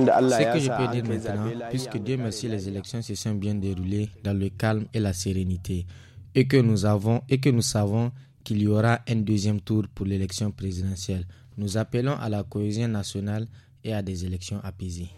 Ce que je peux dire maintenant, puisque Dieu merci, les élections se sont bien déroulées dans le calme et la sérénité, et que nous avons et que nous savons qu'il y aura un deuxième tour pour l'élection présidentielle. Nous appelons à la cohésion nationale et à des élections apaisées.